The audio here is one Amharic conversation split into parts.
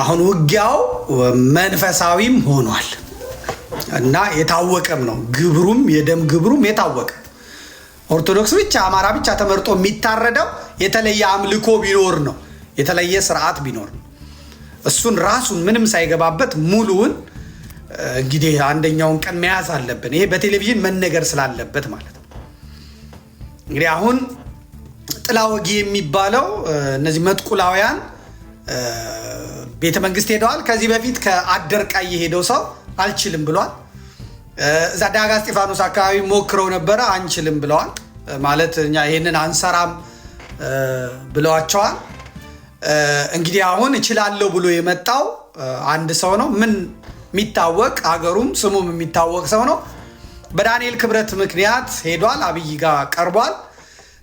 አሁን ውጊያው መንፈሳዊም ሆኗል እና የታወቀም ነው። ግብሩም የደም ግብሩም የታወቀ ኦርቶዶክስ ብቻ አማራ ብቻ ተመርጦ የሚታረደው የተለየ አምልኮ ቢኖር ነው፣ የተለየ ስርዓት ቢኖር ነው። እሱን ራሱን ምንም ሳይገባበት ሙሉውን እንግዲህ አንደኛውን ቀን መያዝ አለብን። ይሄ በቴሌቪዥን መነገር ስላለበት ማለት ነው። እንግዲህ አሁን ጥላ ወጊ የሚባለው እነዚህ መጥቁላውያን ቤተ መንግስት ሄደዋል። ከዚህ በፊት ከአደር ቀይ ሄደው ሰው አልችልም ብሏል። እዛ ዳጋ እስጢፋኖስ አካባቢ ሞክረው ነበረ አንችልም ብለዋል። ማለት እኛ ይህንን አንሰራም ብለዋቸዋል። እንግዲህ አሁን እችላለሁ ብሎ የመጣው አንድ ሰው ነው። ምን የሚታወቅ አገሩም ስሙም የሚታወቅ ሰው ነው። በዳንኤል ክብረት ምክንያት ሄዷል። አብይ ጋር ቀርቧል።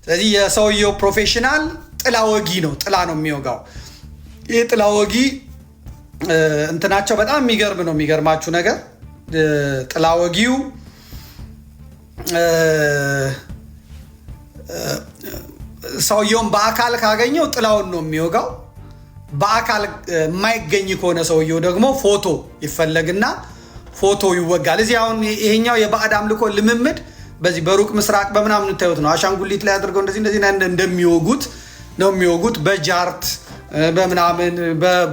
ስለዚህ የሰውየው ፕሮፌሽናል ጥላ ወጊ ነው። ጥላ ነው የሚወጋው። ይህ ጥላ ወጊ እንትናቸው በጣም የሚገርም ነው። የሚገርማችሁ ነገር ጥላወጊው ሰውየውን በአካል ካገኘው ጥላውን ነው የሚወጋው። በአካል የማይገኝ ከሆነ ሰውየው ደግሞ ፎቶ ይፈለግና ፎቶ ይወጋል። እዚህ አሁን ይሄኛው የባዕድ አምልኮ ልምምድ በዚህ በሩቅ ምስራቅ በምናምን ታዩት ነው። አሻንጉሊት ላይ አድርገው እንደዚህ እንደዚህ እንደሚወጉት ነው የሚወጉት በጃርት በምናምን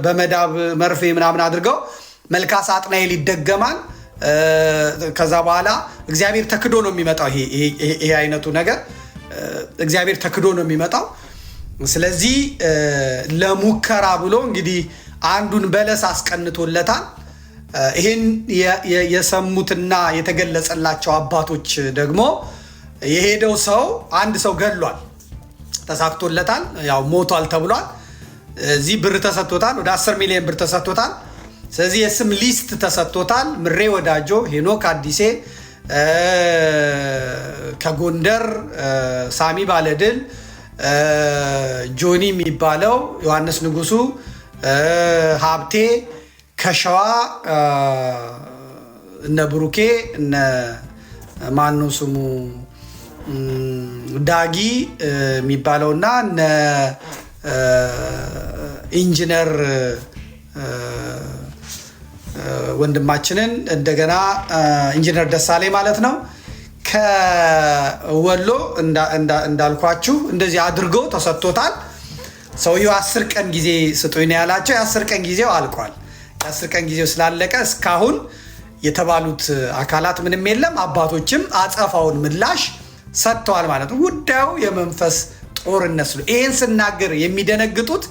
በመዳብ መርፌ ምናምን አድርገው መልካ ሳጥናኤል ይደገማል። ከዛ በኋላ እግዚአብሔር ተክዶ ነው የሚመጣው። ይሄ አይነቱ ነገር እግዚአብሔር ተክዶ ነው የሚመጣው። ስለዚህ ለሙከራ ብሎ እንግዲህ አንዱን በለስ አስቀንቶለታል። ይህን የሰሙትና የተገለጸላቸው አባቶች ደግሞ የሄደው ሰው አንድ ሰው ገድሏል፣ ተሳክቶለታል፣ ያው ሞቷል ተብሏል። እዚህ ብር ተሰጥቶታል። ወደ 10 ሚሊዮን ብር ተሰጥቶታል። ስለዚህ የስም ሊስት ተሰጥቶታል። ምሬ ወዳጆ፣ ሄኖክ አዲሴ ከጎንደር ሳሚ ባለድል፣ ጆኒ የሚባለው ዮሐንስ ንጉሱ፣ ሀብቴ ከሸዋ እነ ብሩኬ እነ ማኑ ስሙ ዳጊ የሚባለውና ኢንጂነር ወንድማችንን እንደገና ኢንጂነር ደሳሌ ማለት ነው ከወሎ እንዳልኳችሁ እንደዚህ አድርጎ ተሰጥቶታል። ሰውየው አስር ቀን ጊዜ ስጡኝ ነው ያላቸው። የአስር ቀን ጊዜው አልቋል። የአስር ቀን ጊዜው ስላለቀ እስካሁን የተባሉት አካላት ምንም የለም። አባቶችም አጸፋውን ምላሽ ሰጥተዋል ማለት ነው። ጉዳዩ የመንፈስ ጦርነት እነሱ ይህን ስናገር የሚደነግጡት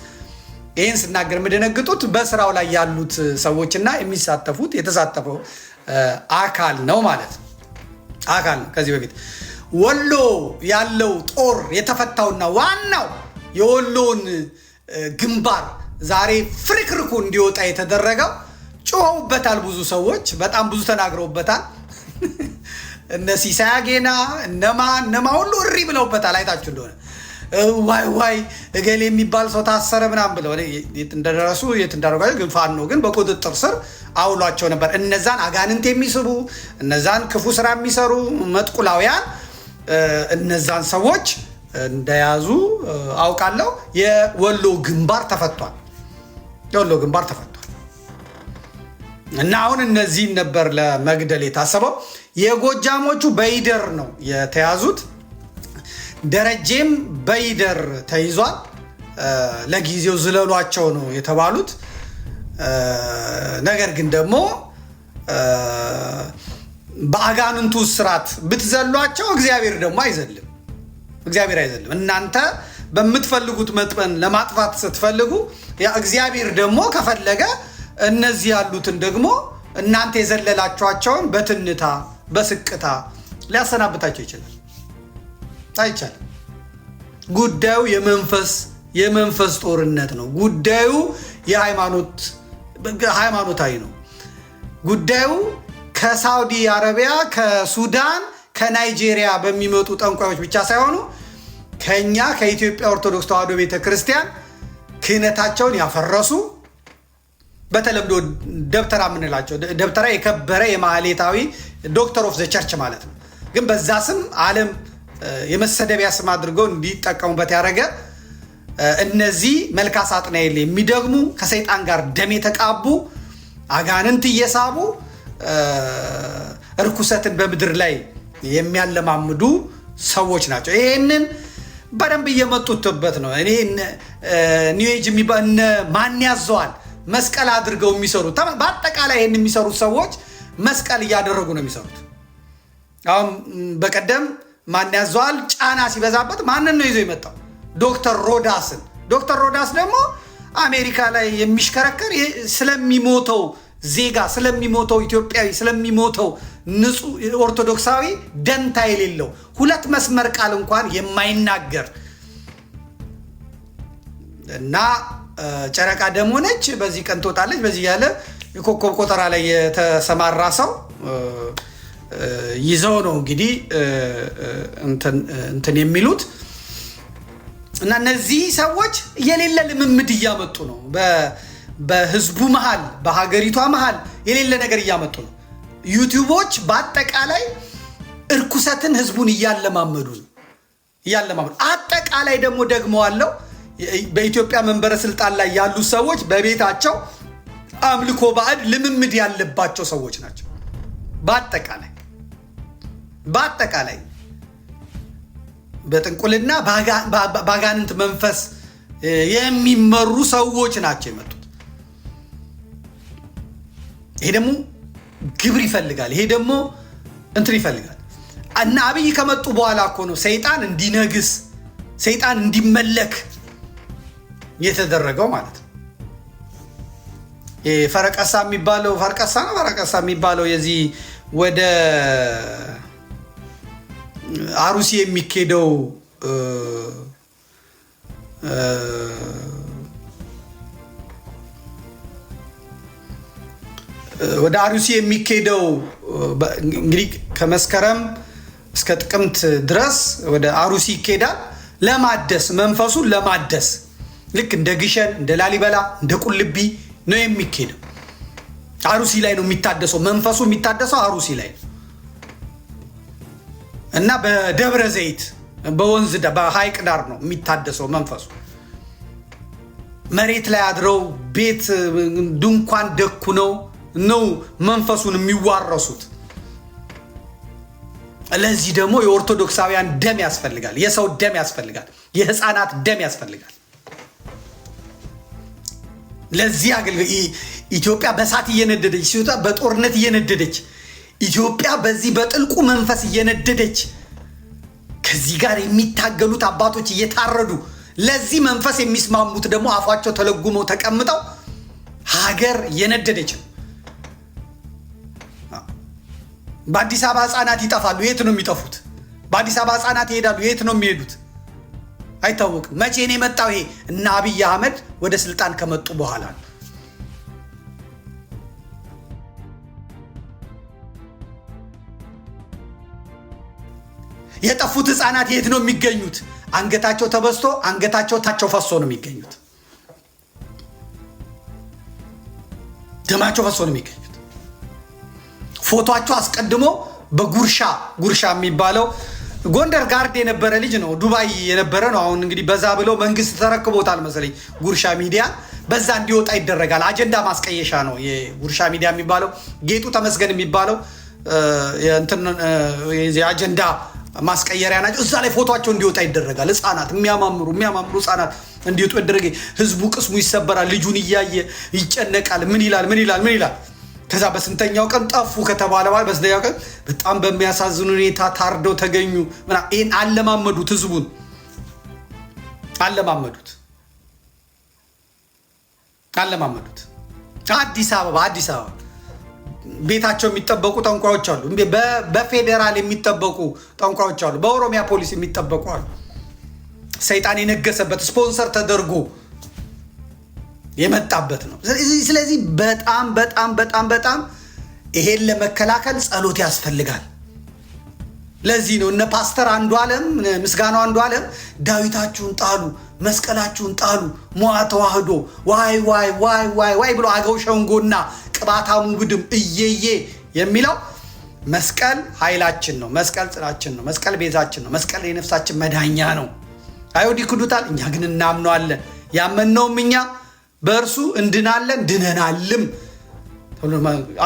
ይህን ስናገር የሚደነግጡት በስራው ላይ ያሉት ሰዎችና የሚሳተፉት የተሳተፈው አካል ነው ማለት ነው ከዚህ በፊት ወሎ ያለው ጦር የተፈታውና ዋናው የወሎን ግንባር ዛሬ ፍርክርኩ እንዲወጣ የተደረገው ጮኸውበታል። ብዙ ሰዎች በጣም ብዙ ተናግረውበታል። እነ ሲሳያጌና እነማ እነማ ሁሉ እሪ ብለውበታል። አይታችሁ እንደሆነ ዋይ ዋይ እገሌ የሚባል ሰው ታሰረ ምናምን ብለው የት እንደደረሱ የት እንዳደረጓቸው ግን ፋኖ ግን በቁጥጥር ስር አውሏቸው ነበር። እነዛን አጋንንት የሚስቡ እነዛን ክፉ ስራ የሚሰሩ መጥቁላውያን እነዛን ሰዎች እንደያዙ አውቃለሁ። የወሎ ግንባር ተፈቷል። የወሎ ግንባር ተፈቷል። እና አሁን እነዚህን ነበር ለመግደል የታሰበው። የጎጃሞቹ በይደር ነው የተያዙት። ደረጀም በይደር ተይዟል። ለጊዜው ዝለሏቸው ነው የተባሉት። ነገር ግን ደግሞ በአጋንንቱ ስራት ብትዘሏቸው እግዚአብሔር ደግሞ አይዘልም። እግዚአብሔር አይዘልም። እናንተ በምትፈልጉት መጥመን ለማጥፋት ስትፈልጉ እግዚአብሔር ደግሞ ከፈለገ እነዚህ ያሉትን ደግሞ እናንተ የዘለላችኋቸውን በትንታ በስቅታ ሊያሰናብታቸው ይችላል። አይቻልም። ጉዳዩ የመንፈስ የመንፈስ ጦርነት ነው። ጉዳዩ ሃይማኖታዊ ነው። ጉዳዩ ከሳውዲ አረቢያ፣ ከሱዳን፣ ከናይጄሪያ በሚመጡ ጠንቋዮች ብቻ ሳይሆኑ ከኛ ከኢትዮጵያ ኦርቶዶክስ ተዋሕዶ ቤተ ክርስቲያን ክህነታቸውን ያፈረሱ በተለምዶ ደብተራ የምንላቸው ደብተራ የከበረ የማህሌታዊ ዶክተር ኦፍ ዘ ቸርች ማለት ነው። ግን በዛ ስም ዓለም የመሰደቢያ ስም አድርገው እንዲጠቀሙበት ያደረገ እነዚህ መልካ ሳጥናኤል የሚደግሙ ከሰይጣን ጋር ደም የተቃቡ አጋንንት እየሳቡ እርኩሰትን በምድር ላይ የሚያለማምዱ ሰዎች ናቸው። ይህንን በደንብ እየመጡትበት ነው። እኔ ኒውኤጅ እነ ማን ያዘዋል መስቀል አድርገው የሚሰሩ በአጠቃላይ ይህን የሚሰሩት ሰዎች መስቀል እያደረጉ ነው የሚሰሩት። አሁን በቀደም ማን ያዘዋል? ጫና ሲበዛበት ማንን ነው ይዞ የመጣው? ዶክተር ሮዳስን። ዶክተር ሮዳስ ደግሞ አሜሪካ ላይ የሚሽከረከር ስለሚሞተው ዜጋ ስለሚሞተው ኢትዮጵያዊ ስለሚሞተው ንጹህ ኦርቶዶክሳዊ ደንታ የሌለው ሁለት መስመር ቃል እንኳን የማይናገር እና ጨረቃ ደም ሆነች፣ በዚህ ቀን ትወጣለች፣ በዚህ ያለ የኮከብ ቆጠራ ላይ የተሰማራ ሰው ይዘው ነው እንግዲህ እንትን የሚሉት እና እነዚህ ሰዎች የሌለ ልምምድ እያመጡ ነው። በህዝቡ መሀል፣ በሀገሪቷ መሀል የሌለ ነገር እያመጡ ነው። ዩቲዩቦች በአጠቃላይ እርኩሰትን ህዝቡን እያለማመዱ ነው እያለማመዱ አጠቃላይ ደግሞ ደግሞ አለው በኢትዮጵያ መንበረ ስልጣን ላይ ያሉ ሰዎች በቤታቸው አምልኮ ባዕድ ልምምድ ያለባቸው ሰዎች ናቸው በአጠቃላይ በአጠቃላይ በጥንቁልና በአጋንንት መንፈስ የሚመሩ ሰዎች ናቸው የመጡት። ይሄ ደግሞ ግብር ይፈልጋል። ይሄ ደግሞ እንትን ይፈልጋል እና አብይ ከመጡ በኋላ እኮ ነው ሰይጣን እንዲነግስ ሰይጣን እንዲመለክ የተደረገው ማለት ነው። ፈረቀሳ የሚባለው ፈረቀሳ ነው። ፈረቀሳ የሚባለው የዚህ ወደ አሩሲ የሚኬደው ወደ አሩሲ የሚኬደው እንግዲህ ከመስከረም እስከ ጥቅምት ድረስ ወደ አሩሲ ይካሄዳል። ለማደስ መንፈሱን ለማደስ ልክ እንደ ግሸን፣ እንደ ላሊበላ፣ እንደ ቁልቢ ነው የሚካሄደው። አሩሲ ላይ ነው የሚታደሰው። መንፈሱ የሚታደሰው አሩሲ ላይ ነው። እና በደብረ ዘይት በወንዝ በሐይቅ ዳር ነው የሚታደሰው መንፈሱ። መሬት ላይ አድረው ቤት ድንኳን ደኩነው ነው መንፈሱን የሚዋረሱት። ለዚህ ደግሞ የኦርቶዶክሳውያን ደም ያስፈልጋል፣ የሰው ደም ያስፈልጋል፣ የህፃናት ደም ያስፈልጋል። ለዚህ አገልግሎት ኢትዮጵያ በእሳት እየነደደች ሲወጣ በጦርነት እየነደደች ኢትዮጵያ በዚህ በጥልቁ መንፈስ እየነደደች ከዚህ ጋር የሚታገሉት አባቶች እየታረዱ ለዚህ መንፈስ የሚስማሙት ደግሞ አፏቸው ተለጉመው ተቀምጠው ሀገር እየነደደች ነው። በአዲስ አበባ ህጻናት ይጠፋሉ። የት ነው የሚጠፉት? በአዲስ አበባ ህፃናት ይሄዳሉ። የት ነው የሚሄዱት? አይታወቅም። መቼ ነው የመጣው? ይሄ እና አብይ አህመድ ወደ ስልጣን ከመጡ በኋላ ነው። የጠፉት ህፃናት የት ነው የሚገኙት? አንገታቸው ተበስቶ አንገታቸው ታቸው ፈሶ ነው የሚገኙት። ደማቸው ፈሶ ነው የሚገኙት። ፎቶቸው አስቀድሞ በጉርሻ ጉርሻ የሚባለው ጎንደር ጋርድ የነበረ ልጅ ነው፣ ዱባይ የነበረ ነው። አሁን እንግዲህ በዛ ብለው መንግስት ተረክቦታል መሰለኝ ጉርሻ ሚዲያ በዛ እንዲወጣ ይደረጋል። አጀንዳ ማስቀየሻ ነው የጉርሻ ሚዲያ የሚባለው። ጌጡ ተመስገን የሚባለው የአጀንዳ ማስቀየሪያ ናቸው። እዛ ላይ ፎቶቸው እንዲወጣ ይደረጋል። ህጻናት የሚያማምሩ የሚያማምሩ ህጻናት እንዲወጡ ያደረገ ህዝቡ ቅስሙ ይሰበራል። ልጁን እያየ ይጨነቃል። ምን ይላል ምን ይላል ምን ይላል። ከዛ በስንተኛው ቀን ጠፉ ከተባለ በኋላ በስንተኛው ቀን በጣም በሚያሳዝን ሁኔታ ታርደው ተገኙ። ይህን አለማመዱት፣ ህዝቡን አለማመዱት፣ አለማመዱት። አዲስ አበባ አዲስ አበባ ቤታቸው የሚጠበቁ ጠንቋዮች አሉ። በፌዴራል የሚጠበቁ ጠንቋዮች አሉ። በኦሮሚያ ፖሊስ የሚጠበቁ አሉ። ሰይጣን የነገሰበት ስፖንሰር ተደርጎ የመጣበት ነው። ስለዚህ በጣም በጣም በጣም በጣም ይሄን ለመከላከል ጸሎት ያስፈልጋል። ለዚህ ነው እነ ፓስተር አንዱ አለም ምስጋናው አንዱ አለም ዳዊታችሁን ጣሉ፣ መስቀላችሁን ጣሉ፣ ሞዓ ተዋህዶ ዋይ ዋይ ዋይ ዋይ ዋይ ብሎ አገው ሸንጎና ቅባታሙ ግድም እየዬ የሚለው መስቀል ኃይላችን ነው። መስቀል ጽናችን ነው። መስቀል ቤዛችን ነው። መስቀል የነፍሳችን መዳኛ ነው። አይሁድ ይክዱታል፣ እኛ ግን እናምነዋለን። ያመንነውም እኛ በእርሱ እንድናለን ድነናልም።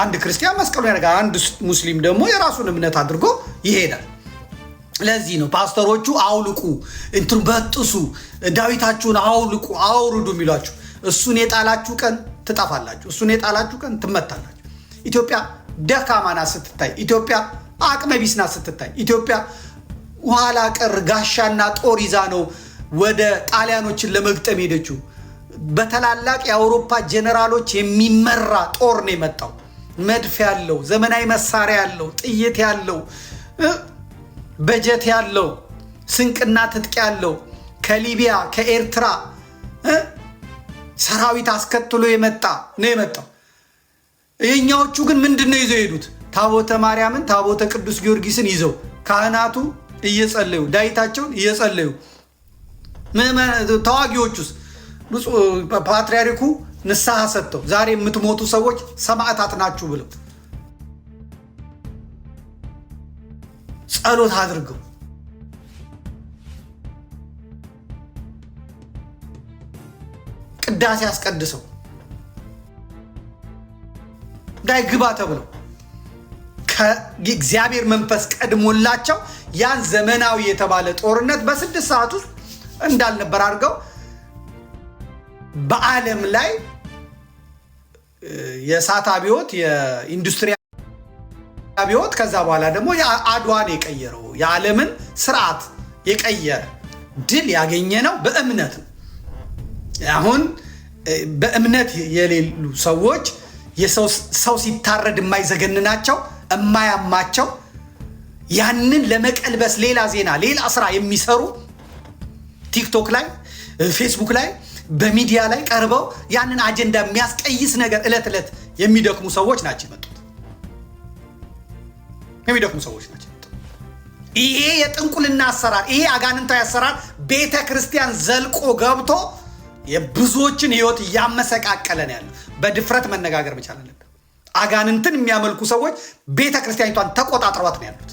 አንድ ክርስቲያን መስቀሉ ያደርጋል፣ አንድ ሙስሊም ደግሞ የራሱን እምነት አድርጎ ይሄዳል። ለዚህ ነው ፓስተሮቹ አውልቁ፣ እንትን በጥሱ፣ ዳዊታችሁን አውልቁ፣ አውርዱ የሚሏችሁ እሱን የጣላችሁ ቀን ትጠፋላችሁ። እሱን የጣላችሁ ቀን ትመታላችሁ። ኢትዮጵያ ደካማ ናት ስትታይ፣ ኢትዮጵያ አቅመ ቢስ ናት ስትታይ፣ ኢትዮጵያ ኋላ ቀር ጋሻና ጦር ይዛ ነው ወደ ጣሊያኖችን ለመግጠም ሄደችው። በታላላቅ የአውሮፓ ጀነራሎች የሚመራ ጦር ነው የመጣው። መድፍ ያለው፣ ዘመናዊ መሳሪያ ያለው፣ ጥይት ያለው፣ በጀት ያለው፣ ስንቅና ትጥቅ ያለው ከሊቢያ ከኤርትራ ሰራዊት አስከትሎ የመጣ ነው የመጣው። የእኛዎቹ ግን ምንድን ነው ይዘው የሄዱት? ታቦተ ማርያምን ታቦተ ቅዱስ ጊዮርጊስን ይዘው ካህናቱ እየጸለዩ ዳዊታቸውን እየጸለዩ ተዋጊዎቹስ ፓትርያርኩ ንስሐ ሰጥተው ዛሬ የምትሞቱ ሰዎች ሰማዕታት ናችሁ ብለው ጸሎት አድርገው ቅዳሴ አስቀድሰው ዳይ ግባ ተብሎ ከእግዚአብሔር መንፈስ ቀድሞላቸው ያን ዘመናዊ የተባለ ጦርነት በስድስት ሰዓት ውስጥ እንዳልነበር አድርገው በዓለም ላይ የእሳት አብዮት የኢንዱስትሪ አብዮት ከዛ በኋላ ደግሞ አድዋን የቀየረው የዓለምን ስርዓት የቀየረ ድል ያገኘ ነው በእምነት ነው። አሁን በእምነት የሌሉ ሰዎች ሰው ሲታረድ የማይዘገንናቸው እማያማቸው ያንን ለመቀልበስ ሌላ ዜና ሌላ ስራ የሚሰሩ ቲክቶክ ላይ ፌስቡክ ላይ በሚዲያ ላይ ቀርበው ያንን አጀንዳ የሚያስቀይስ ነገር እለት እለት የሚደክሙ ሰዎች ናቸው የመጡት። የሚደክሙ ሰዎች ናቸው። ይሄ የጥንቁልና አሰራር፣ ይሄ አጋንንታዊ አሰራር ቤተ ክርስቲያን ዘልቆ ገብቶ የብዙዎችን ህይወት እያመሰቃቀለ ነው በድፍረት መነጋገር መቻል አለብን። አጋንንትን የሚያመልኩ ሰዎች ቤተ ክርስቲያኒቷን ተቆጣጥሯት ነው ያሉት።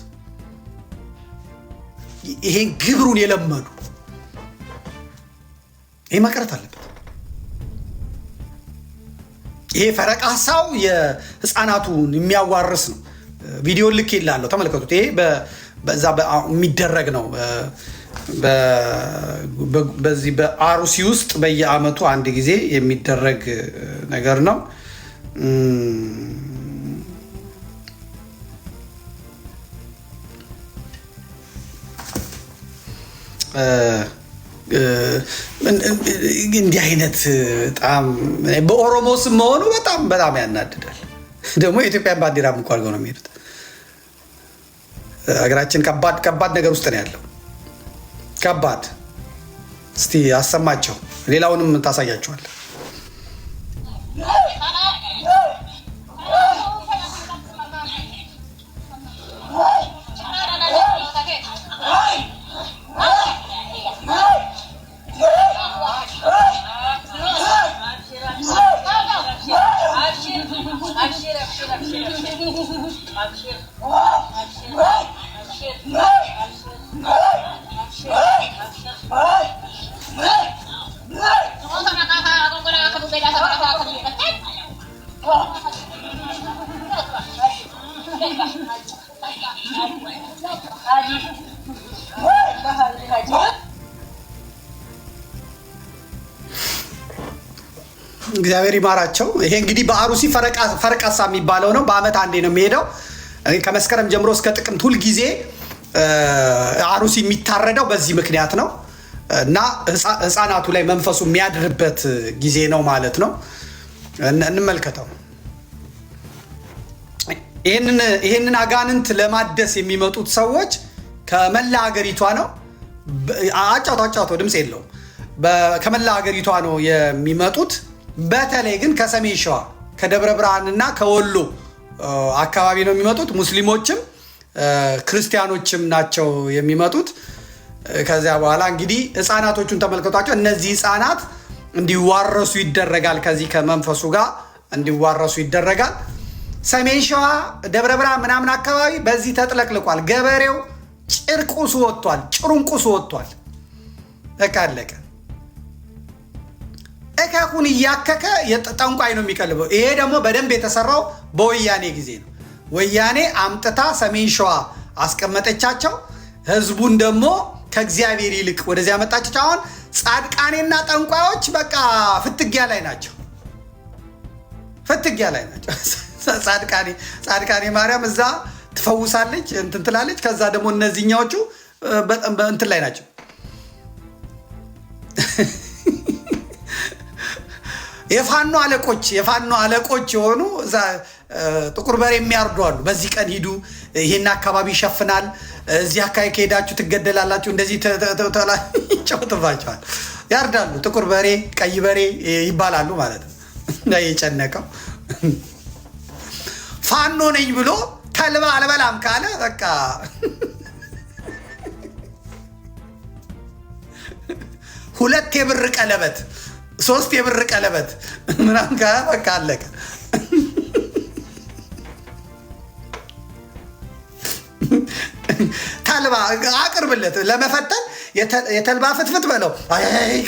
ይሄን ግብሩን የለመዱ ይህ መቅረት አለበት። ይሄ ፈረቃሳው የህፃናቱን የሚያዋርስ ነው። ቪዲዮ ልክ ይላለሁ፣ ተመልከቱት። ይሄ በዛ የሚደረግ ነው። በዚህ በአሩሲ ውስጥ በየአመቱ አንድ ጊዜ የሚደረግ ነገር ነው። እንዲህ አይነት በጣም በኦሮሞ ስም መሆኑ በጣም በጣም ያናድዳል። ደግሞ የኢትዮጵያን ባንዲራ ምኳ አድርገው ነው የሚሄዱት። ሀገራችን ከባድ ከባድ ነገር ውስጥ ነው ያለው። ከባድ። እስቲ አሰማቸው፣ ሌላውንም ታሳያቸዋል። እግዚአብሔር ይማራቸው። ይሄ እንግዲህ በአሩሲ ፈረቃሳ የሚባለው ነው። በአመት አንዴ ነው የሚሄደው ከመስከረም ጀምሮ እስከ ጥቅምት። ሁልጊዜ አሩሲ የሚታረደው በዚህ ምክንያት ነው እና ህፃናቱ ላይ መንፈሱ የሚያድርበት ጊዜ ነው ማለት ነው። እንመልከተው። ይህንን አጋንንት ለማደስ የሚመጡት ሰዎች ከመላ ሀገሪቷ ነው። አጫቶ አጫቶ ድምፅ የለውም። ከመላ ሀገሪቷ ነው የሚመጡት። በተለይ ግን ከሰሜን ሸዋ ከደብረ ብርሃንና ከወሎ አካባቢ ነው የሚመጡት። ሙስሊሞችም ክርስቲያኖችም ናቸው የሚመጡት። ከዚያ በኋላ እንግዲህ ህፃናቶቹን ተመልከቷቸው። እነዚህ ህፃናት እንዲዋረሱ ይደረጋል። ከዚህ ከመንፈሱ ጋር እንዲዋረሱ ይደረጋል። ሰሜን ሸዋ ደብረ ብርሃን ምናምን አካባቢ በዚህ ተጥለቅልቋል። ገበሬው ጭርቁሱ ወጥቷል፣ ጭሩንቁሱ ወጥቷል። በቃ አለቀ። እከኩን እያከከ ጠንቋይ ነው የሚቀልበው። ይሄ ደግሞ በደንብ የተሰራው በወያኔ ጊዜ ነው። ወያኔ አምጥታ ሰሜን ሸዋ አስቀመጠቻቸው። ህዝቡን ደግሞ ከእግዚአብሔር ይልቅ ወደዚያ መጣቸው። አሁን ጻድቃኔና ጠንቋዮች በቃ ፍትጊያ ላይ ናቸው፣ ፍትጊያ ላይ ናቸው። ጻድቃኔ ማርያም እዛ ትፈውሳለች፣ እንትን ትላለች። ከዛ ደግሞ እነዚህኛዎቹ እንትን ላይ ናቸው። የፋኖ አለቆች የፋኖ አለቆች የሆኑ እዛ ጥቁር በሬ የሚያርዱ አሉ። በዚህ ቀን ሂዱ፣ ይህን አካባቢ ይሸፍናል፣ እዚህ አካባቢ ከሄዳችሁ ትገደላላችሁ፣ እንደዚህ ይጫወትባቸዋል። ያርዳሉ። ጥቁር በሬ፣ ቀይ በሬ ይባላሉ ማለት ነው። የጨነቀው ፋኖ ነኝ ብሎ ተልባ አልበላም ካለ በቃ ሁለት የብር ቀለበት ሶስት የብር ቀለበት ምናምን ጋር በቃ አለቀ። ተልባ አቅርብለት ለመፈተን የተልባ ፍትፍት በለው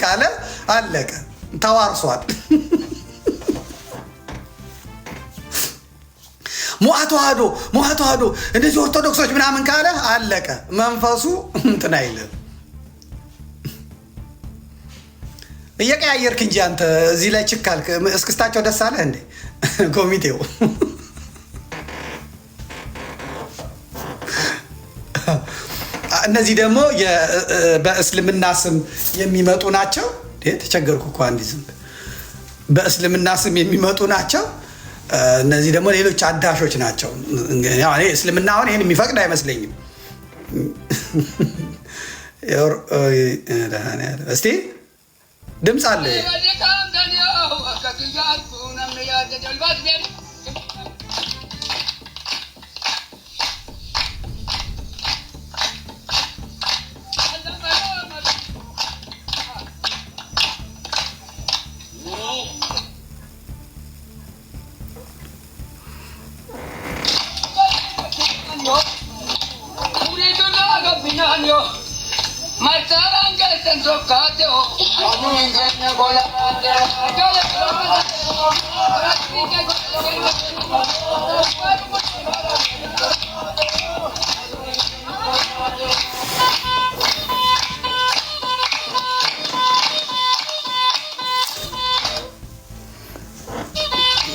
ካለ አለቀ፣ ተዋርሷል። ሙአ ተዋህዶ ሙአ ተዋህዶ እንደዚህ ኦርቶዶክሶች ምናምን ካለ አለቀ። መንፈሱ እንትን አይልም። እየቀያየርክ እንጂ አንተ እዚህ ላይ ችክ አልክ። እስክስታቸው ደስ አለ እንዴ? ኮሚቴው እነዚህ ደግሞ በእስልምና ስም የሚመጡ ናቸው። ተቸገርኩ እኮ አንድ ዝም በእስልምና ስም የሚመጡ ናቸው። እነዚህ ደግሞ ሌሎች አዳሾች ናቸው። እስልምና አሁን ይህን የሚፈቅድ አይመስለኝም። እስቲ ድምፅ አለ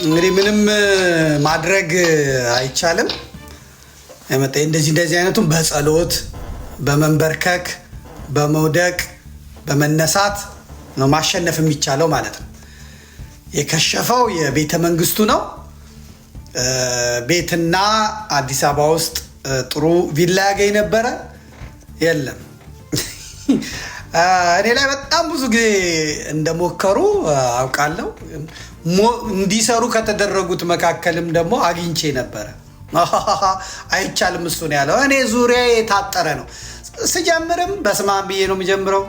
እንግዲህ ምንም ማድረግ አይቻልም። እንደዚህ እንደዚህ አይነቱን በጸሎት በመንበርከክ በመውደቅ በመነሳት ነው ማሸነፍ የሚቻለው ማለት ነው። የከሸፈው የቤተ መንግስቱ ነው። ቤትና አዲስ አበባ ውስጥ ጥሩ ቪላ ያገኝ ነበረ። የለም እኔ ላይ በጣም ብዙ ጊዜ እንደሞከሩ አውቃለሁ። እንዲሰሩ ከተደረጉት መካከልም ደግሞ አግኝቼ ነበረ። አይቻልም እሱ ነው ያለው። እኔ ዙሪያ የታጠረ ነው። ስጀምርም በስመ አብ ብዬ ነው የምጀምረው።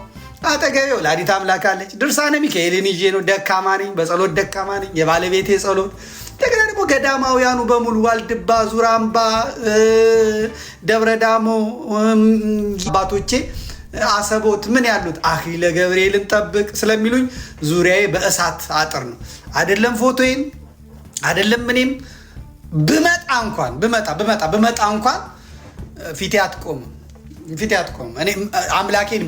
አጠገቤው ወላዲተ አምላክ አለች። ድርሳነ ሚካኤልን ይዤ ነው። ደካማ ነኝ፣ በጸሎት ደካማ ነኝ። የባለቤቴ ጸሎት እንደገና ደግሞ ገዳማውያኑ በሙሉ ዋልድባ፣ ዙራምባ፣ ደብረ ዳሞ አባቶቼ አሰቦት ምን ያሉት አክሊለ ገብርኤልን ጠብቅ ስለሚሉኝ ዙሪያዬ በእሳት አጥር ነው። አይደለም ፎቶዬን አይደለም እኔም ብመጣ እንኳን ብመጣ ብመጣ ብመጣ እንኳን ፊቴ አትቆምም ፊቴ አትቆምም። እኔ አምላኬን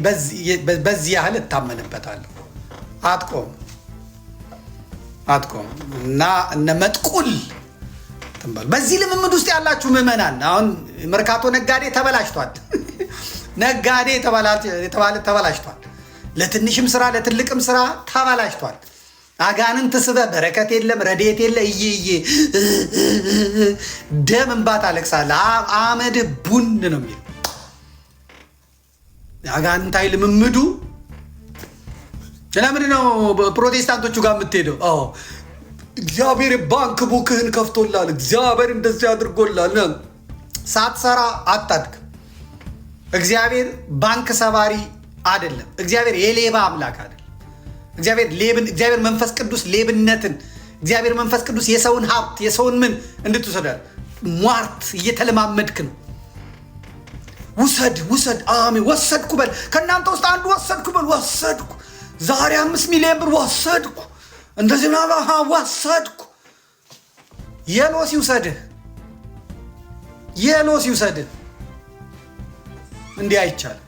በዚህ ያህል እታመንበታለሁ። አትቆም አትቆም እና እነ መጥቁል በዚህ ልምምድ ውስጥ ያላችሁ ምዕመናን አሁን መርካቶ ነጋዴ ተበላሽቷል። ነጋዴ የተባለ ተበላሽቷል። ለትንሽም ስራ ለትልቅም ስራ ተበላሽቷል። አጋንንት ስበ በረከት የለም፣ ረድኤት የለ። እየዬ ደም እንባት አለቅሳለ አመድ ቡን ነው የሚል አጋንንታዊ ልምምዱ። ለምንድን ነው ፕሮቴስታንቶቹ ጋር የምትሄደው? እግዚአብሔር ባንክ ቡክህን ከፍቶላል። እግዚአብሔር እንደዚህ አድርጎላል። ሳትሰራ አታድግ እግዚአብሔር ባንክ ሰባሪ አይደለም። እግዚአብሔር የሌባ አምላክ አይደለም። እግዚአብሔር ሌብን እግዚአብሔር መንፈስ ቅዱስ ሌብነትን እግዚአብሔር መንፈስ ቅዱስ የሰውን ሀብት የሰውን ምን እንድትወሰደ ሟርት እየተለማመድክ ነው። ውሰድ ውሰድ፣ አሜን ወሰድኩ በል። ከእናንተ ውስጥ አንዱ ወሰድኩ በል። ወሰድኩ ዛሬ አምስት ሚሊዮን ብር ወሰድኩ፣ እንደዚህ ምናምን ወሰድኩ። የሎ ሲውሰድህ የሎ ሲውሰድህ እንዲህ አይቻልም።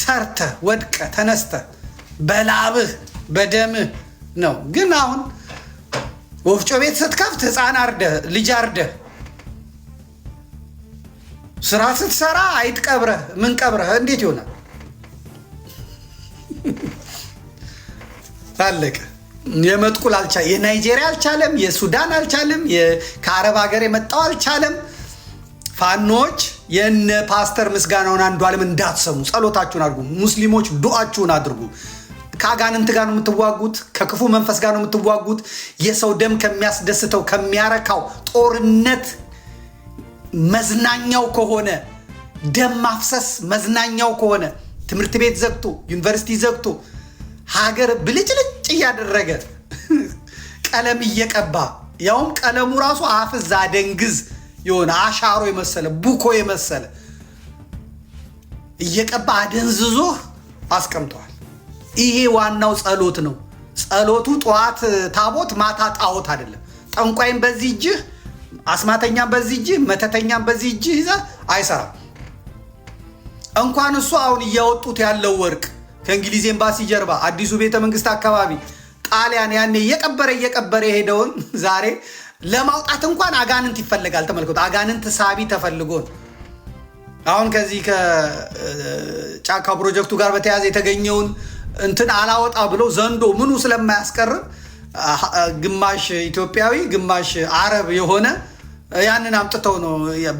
ሰርተ ወድቀ ተነስተ በላብህ በደምህ ነው። ግን አሁን ወፍጮ ቤት ስትከፍት ህፃን አርደ ልጅ አርደ ስራ ስትሰራ አይጥ ቀብረህ ምን ቀብረህ እንዴት ይሆናል? ታለቀ የመጥቁል አልቻ የናይጄሪያ አልቻለም፣ የሱዳን አልቻለም፣ ከአረብ ሀገር የመጣው አልቻለም። ፋኖች የነ ፓስተር ምስጋናውን አንዱ አለም እንዳትሰሙ ጸሎታችሁን አድርጉ። ሙስሊሞች ዱዓችሁን አድርጉ። ከአጋንንት ጋር ነው የምትዋጉት። ከክፉ መንፈስ ጋር ነው የምትዋጉት። የሰው ደም ከሚያስደስተው ከሚያረካው ጦርነት መዝናኛው ከሆነ ደም ማፍሰስ መዝናኛው ከሆነ ትምህርት ቤት ዘግቶ ዩኒቨርሲቲ ዘግቶ ሀገር ብልጭልጭ እያደረገ ቀለም እየቀባ ያውም ቀለሙ ራሱ አፍዝ አደንግዝ የሆነ አሻሮ የመሰለ ቡኮ የመሰለ እየቀባ አደንዝዞህ አስቀምጠዋል። ይሄ ዋናው ጸሎት ነው። ጸሎቱ ጠዋት ታቦት፣ ማታ ጣዖት አይደለም። ጠንቋይም በዚህ እጅህ፣ አስማተኛም በዚህ እጅህ፣ መተተኛም በዚህ እጅህ ይዘህ አይሰራም። እንኳን እሱ አሁን እያወጡት ያለው ወርቅ ከእንግሊዝ ኤምባሲ ጀርባ አዲሱ ቤተ መንግስት አካባቢ ጣሊያን ያኔ እየቀበረ እየቀበረ የሄደውን ዛሬ ለማውጣት እንኳን አጋንንት ይፈልጋል። ተመልከቱ፣ አጋንንት ሳቢ ተፈልጎ አሁን ከዚህ ከጫካ ፕሮጀክቱ ጋር በተያያዘ የተገኘውን እንትን አላወጣ ብለው ዘንዶ ምኑ ስለማያስቀርብ ግማሽ ኢትዮጵያዊ ግማሽ አረብ የሆነ ያንን አምጥተው ነው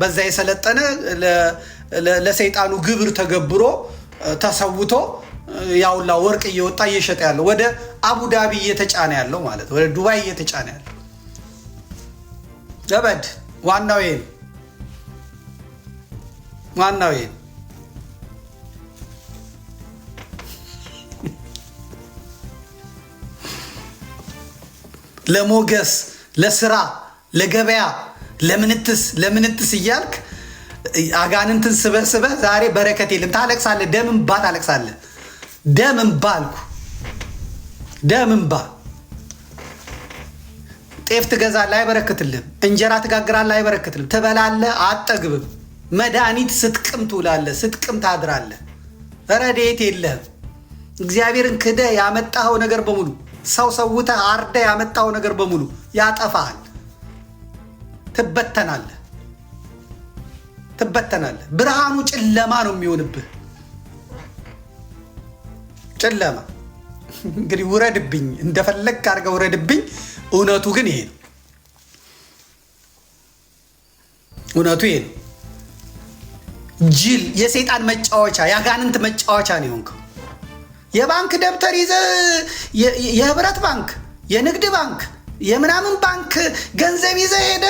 በዛ የሰለጠነ ለሰይጣኑ ግብር ተገብሮ ተሰውቶ ያውላ ወርቅ እየወጣ እየሸጠ ያለው ወደ አቡዳቢ እየተጫነ ያለው ማለት ወደ ዱባይ እየተጫነ ያለው ዘበድ ዋናው ይሄ ዋናው ይሄ ለሞገስ ለስራ ለገበያ ለምንትስ ለምንትስ እያልክ አጋንንትን ስበስበህ ዛሬ በረከት የለም። ታለቅሳለህ። ደም እንባ ታለቅሳለህ። ደም እንባ አልኩ። ደም እንባ ጤፍ ትገዛለህ፣ አይበረክትልህም። እንጀራ ትጋግራለህ፣ አይበረክትልህም። ትበላለህ፣ አጠግብም። መድኃኒት ስትቅም ትውላለህ፣ ስትቅም ታድራለህ። ረድኤት የለህም። እግዚአብሔርን ክደህ ያመጣኸው ነገር በሙሉ ሰው ሰውተህ አርደህ ያመጣኸው ነገር በሙሉ ያጠፋሃል። ትበተናለህ፣ ትበተናለህ። ብርሃኑ ጨለማ ነው የሚሆንብህ ጨለማ እንግዲህ ውረድብኝ፣ እንደፈለግ አድርገህ ውረድብኝ። እውነቱ ግን ይሄ ነው። እውነቱ ይሄ ነው። ጅል፣ የሰይጣን መጫወቻ፣ የአጋንንት መጫወቻ ነው የሆንከው። የባንክ ደብተር ይዘ የህብረት ባንክ፣ የንግድ ባንክ፣ የምናምን ባንክ ገንዘብ ይዘ ሄደ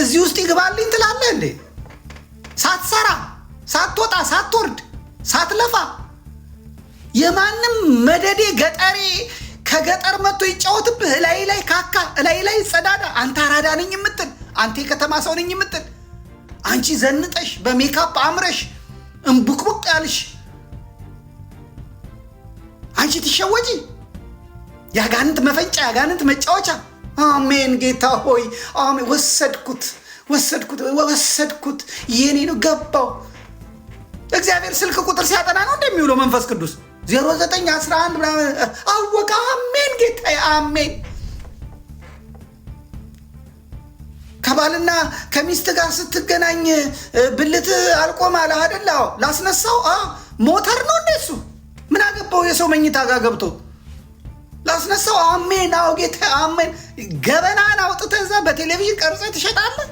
እዚህ ውስጥ ይግባልኝ ትላለህ እንዴ? ሳትሰራ፣ ሳትወጣ፣ ሳትወርድ፣ ሳትለፋ የማንም መደዴ ገጠሬ ከገጠር መጥቶ ይጫወትብህ። እላይ ላይ ካካ፣ እላይ ላይ ጸዳዳ። አንተ አራዳ ነኝ የምትል አንተ የከተማ ሰው ነኝ የምትል አንቺ ዘንጠሽ በሜካፕ አምረሽ እምቡቅቡቅ ያልሽ አንቺ ትሸወጂ። የአጋንንት መፈንጫ፣ የአጋንንት መጫወቻ። አሜን ጌታ ሆይ አሜን። ወሰድኩት ወሰድኩት ወሰድኩት፣ የኔ ነው ገባው። እግዚአብሔር ስልክ ቁጥር ሲያጠና ነው እንደሚውለው መንፈስ ቅዱስ ዜሮ ዘጠኝ አስራ አንድ ምናምን አወቀ። አሜን ጌታዬ፣ አሜን። ከባልና ከሚስት ጋር ስትገናኝ ብልት አልቆም አለ አደላ ላስነሳው ሞተር ነው እንደሱ ምን አገባው የሰው መኝታ ጋር ገብቶ ላስነሳው። አሜን አዎ ጌታዬ፣ አሜን። ገበናን አውጥተህ እዛ በቴሌቪዥን ቀርጸህ ትሸጣለህ።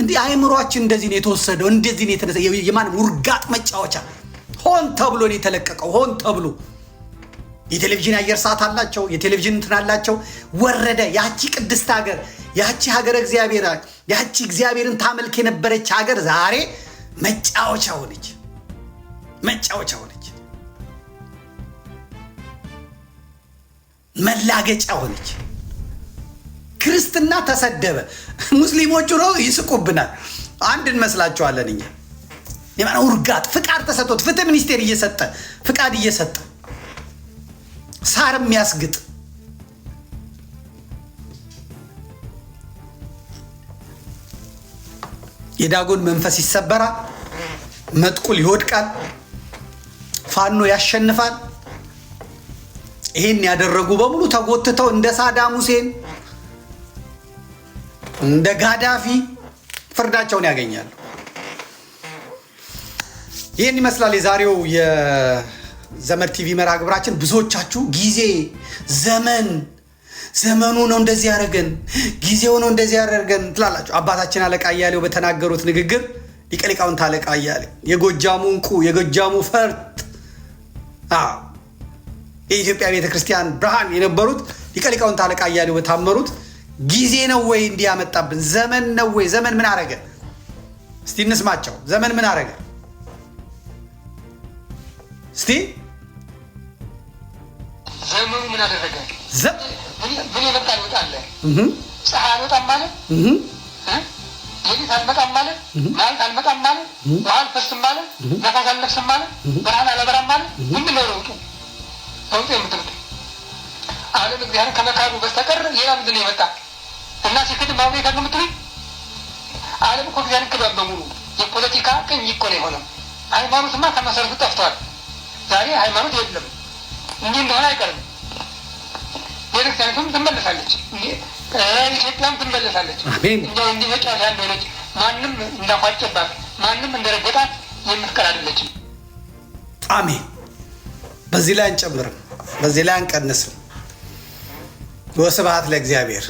እንዲህ አይምሯችን እንደዚህ ነው የተወሰደው። እንደዚህ ነው የተነሳ። የማንም ውርጋጥ መጫወቻ ሆን ተብሎ ነው የተለቀቀው። ሆን ተብሎ የቴሌቪዥን አየር ሰዓት አላቸው፣ የቴሌቪዥን እንትን አላቸው። ወረደ ያቺ ቅድስት ሀገር፣ ያቺ ሀገር እግዚአብሔር፣ ያቺ እግዚአብሔርን ታመልክ የነበረች ሀገር ዛሬ መጫወቻ ሆነች፣ መጫወቻ ሆነች፣ መላገጫ ሆነች። ክርስትና ተሰደበ። ሙስሊሞቹ ነው ይስቁብናል። አንድ እንመስላችኋለን እኛ የማን ውርጋት ፍቃድ ተሰጥቶት ፍትህ ሚኒስቴር እየሰጠ ፍቃድ እየሰጠ ሳር የሚያስግጥ የዳጎን መንፈስ ይሰበራል። መጥቁል ይወድቃል። ፋኖ ያሸንፋል። ይህን ያደረጉ በሙሉ ተጎትተው እንደ ሳዳም ሁሴን እንደ ጋዳፊ ፍርዳቸውን ያገኛሉ። ይህን ይመስላል የዛሬው የዘመድ ቲቪ መርሃ ግብራችን። ብዙዎቻችሁ ጊዜ ዘመን ዘመኑ ነው እንደዚህ ያደረገን፣ ጊዜው ነው እንደዚህ ያደረገን ትላላችሁ። አባታችን አለቃ እያሌው በተናገሩት ንግግር ሊቀ ሊቃውንት አለቃ እያሌው የጎጃሙ እንቁ የጎጃሙ ፈርጥ የኢትዮጵያ ቤተክርስቲያን ብርሃን የነበሩት ሊቀ ሊቃውንት አለቃ እያሌው በታመሩት ጊዜ ነው ወይ እንዲህ ያመጣብን? ዘመን ነው ወይ? ዘመን ምን አረገ? እስቲ እንስማቸው። ዘመን ምን አረገ? እስቲ ዘመኑ ምን አደረገ? ምን የመጣ ለውጥ አለ? ፀሐይ አልወጣም ማለት ሌሊት አልመጣም ማለት ማለት አልመጣም ማለት ውሃ አልፈስም ማለት ነፋስ አልነፍስም ማለት ብርሃን አላበራም ማለት ምንድን ነው ለውጡ? ለውጡ የምትሉት ዓለም እግዚአብሔር ከመካዱ በስተቀር ሌላ ምንድን ነው የመጣ እና ሲክድ ማሁ ይካድ የምትሉኝ ዓለም እኮ እግዚአብሔር ክዷል በሙሉ የፖለቲካ ቅኝ እኮ ነው የሆነው። ሃይማኖትማ ከመሰረቱ ጠፍቷል። ዛሬ ሃይማኖት የለም። እንዲህ እንደሆነ አይቀርም። ቤተክርስቲያኒቱም ትመለሳለች፣ ኢትዮጵያም ትመለሳለች። እንዲያው እንዲህ መጫወት ያለ ሆነች። ማንም እንዳፏጨባት፣ ማንም እንደረገጣት የምትቀር አይደለችም። አሜን። በዚህ ላይ አንጨምርም፣ በዚህ ላይ አንቀንስም። ወስብሐት ለእግዚአብሔር።